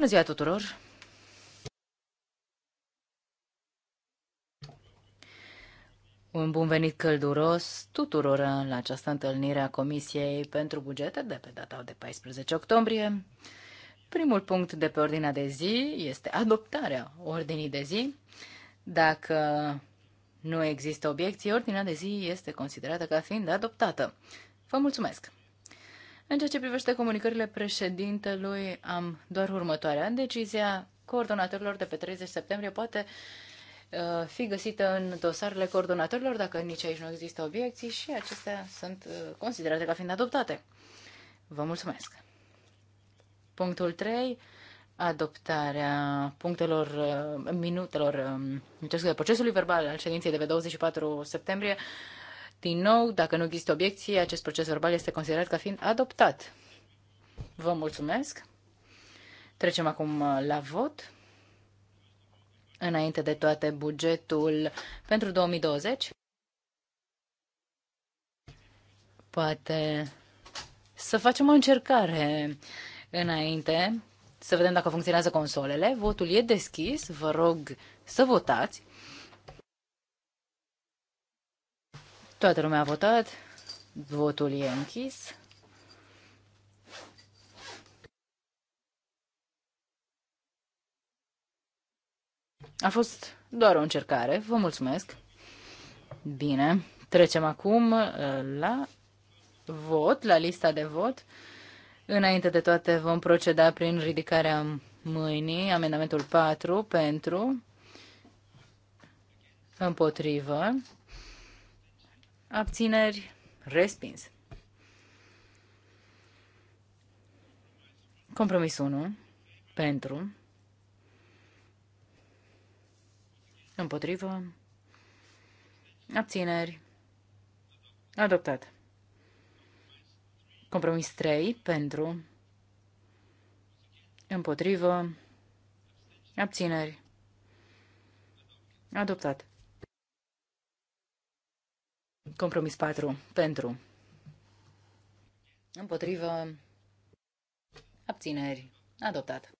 Bună ziua tuturor! Un bun venit călduros tuturor la această întâlnire a Comisiei pentru Bugete de pe data de 14 octombrie. Primul punct de pe ordinea de zi este adoptarea ordinii de zi. Dacă nu există obiecții, ordinea de zi este considerată ca fiind adoptată. Vă mulțumesc! În ceea ce privește comunicările președintelui, am doar următoarea. Decizia coordonatorilor de pe 30 septembrie poate uh, fi găsită în dosarele coordonatorilor, dacă nici aici nu există obiecții și acestea sunt uh, considerate ca fiind adoptate. Vă mulțumesc! Punctul 3 adoptarea punctelor, uh, minutelor, um, în procesului verbal al ședinței de pe 24 septembrie din nou, dacă nu există obiecții, acest proces verbal este considerat ca fiind adoptat. Vă mulțumesc. Trecem acum uh, la vot. Înainte de toate, bugetul pentru 2020. Poate să facem o încercare înainte, să vedem dacă funcționează consolele. Votul e deschis, vă rog să votați. Toată lumea a votat. Votul e închis. A fost doar o încercare. Vă mulțumesc. Bine. Trecem acum uh, la vot, la lista de vot. Înainte de toate vom proceda prin ridicarea mâinii, amendamentul 4 pentru, împotrivă, abțineri, respins. Compromis 1, pentru, împotrivă, abțineri, adoptat. Compromis 3, pentru, împotrivă, abțineri, adoptat. Compromis 4. Pentru. Împotrivă. Abțineri. Adoptat.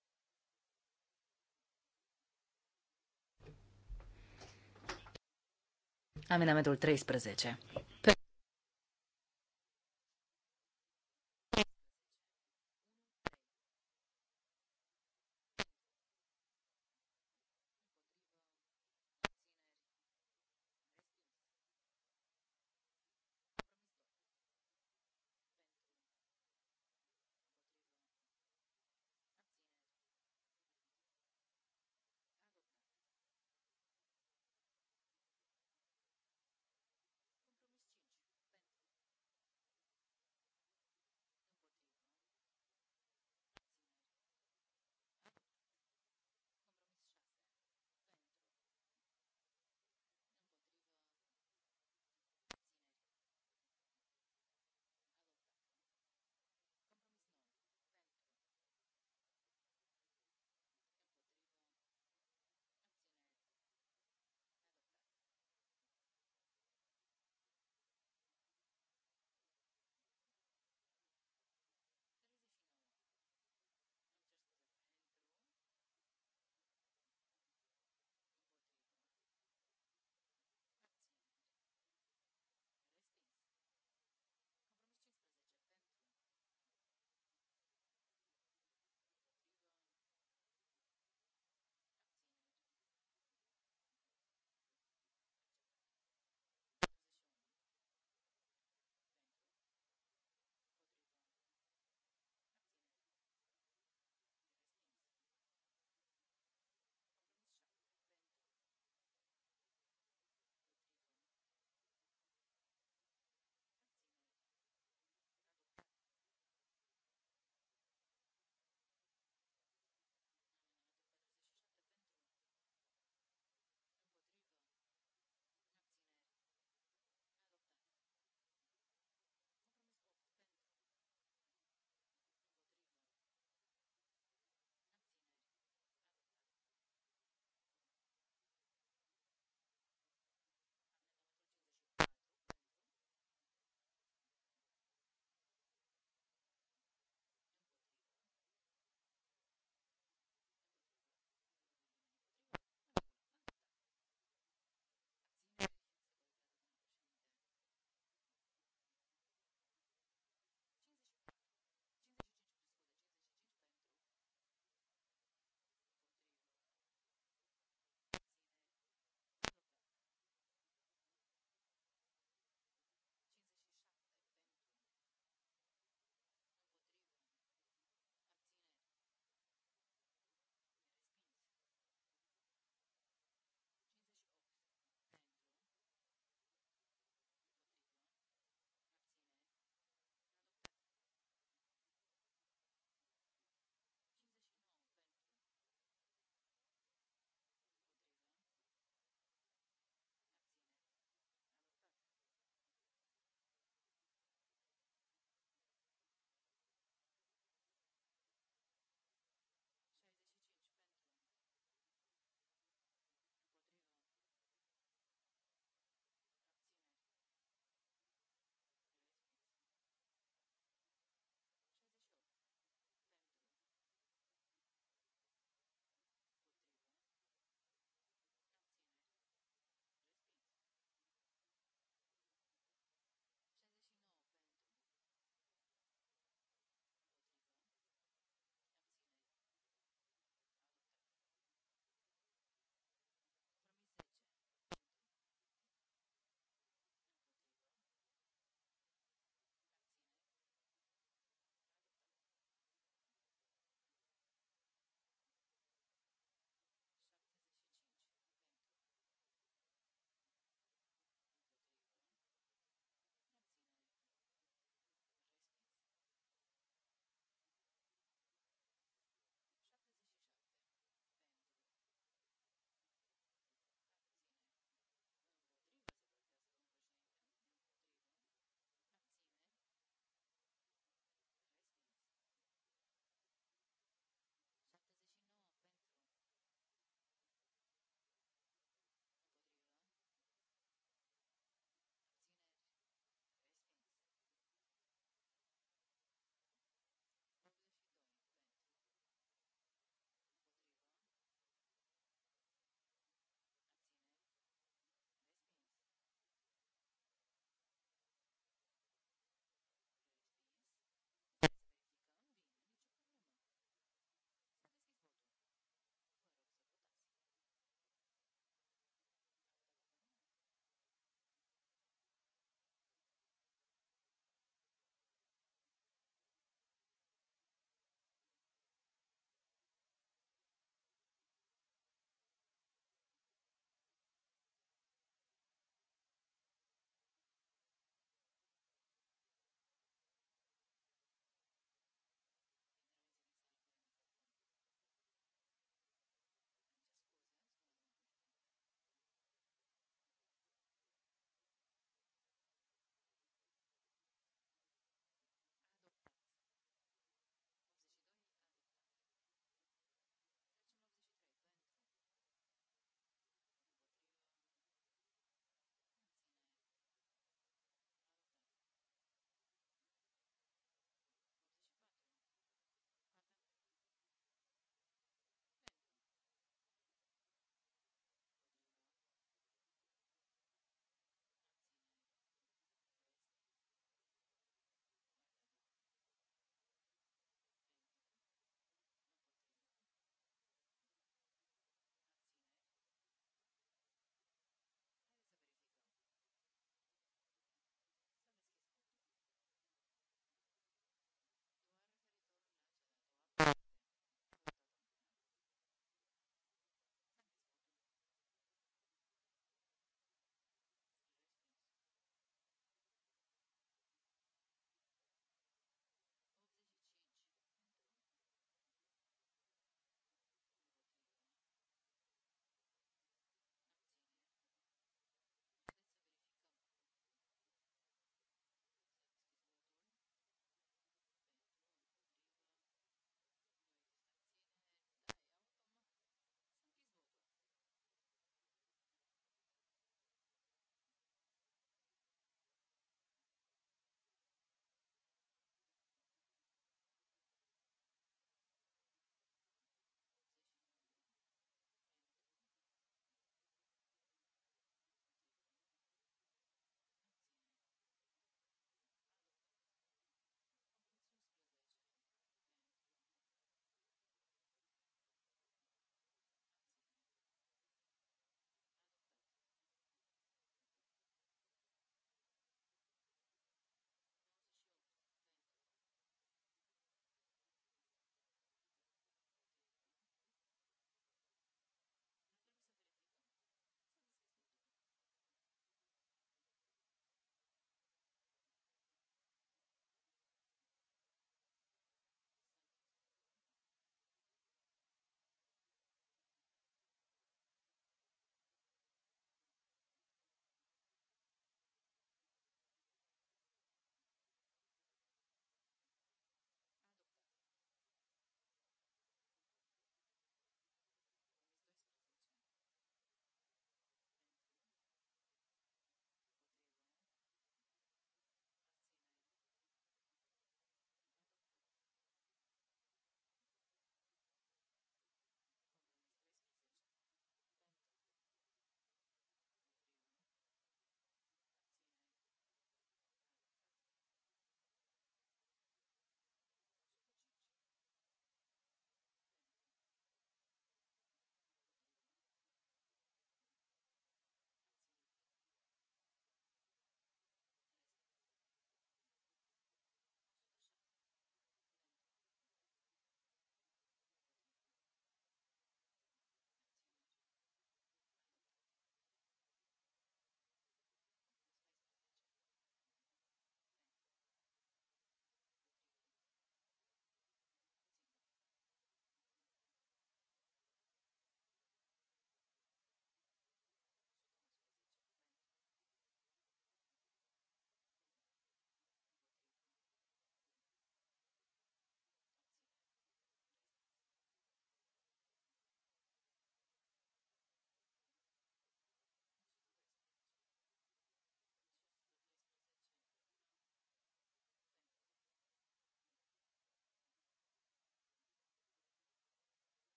Amendamentul 13.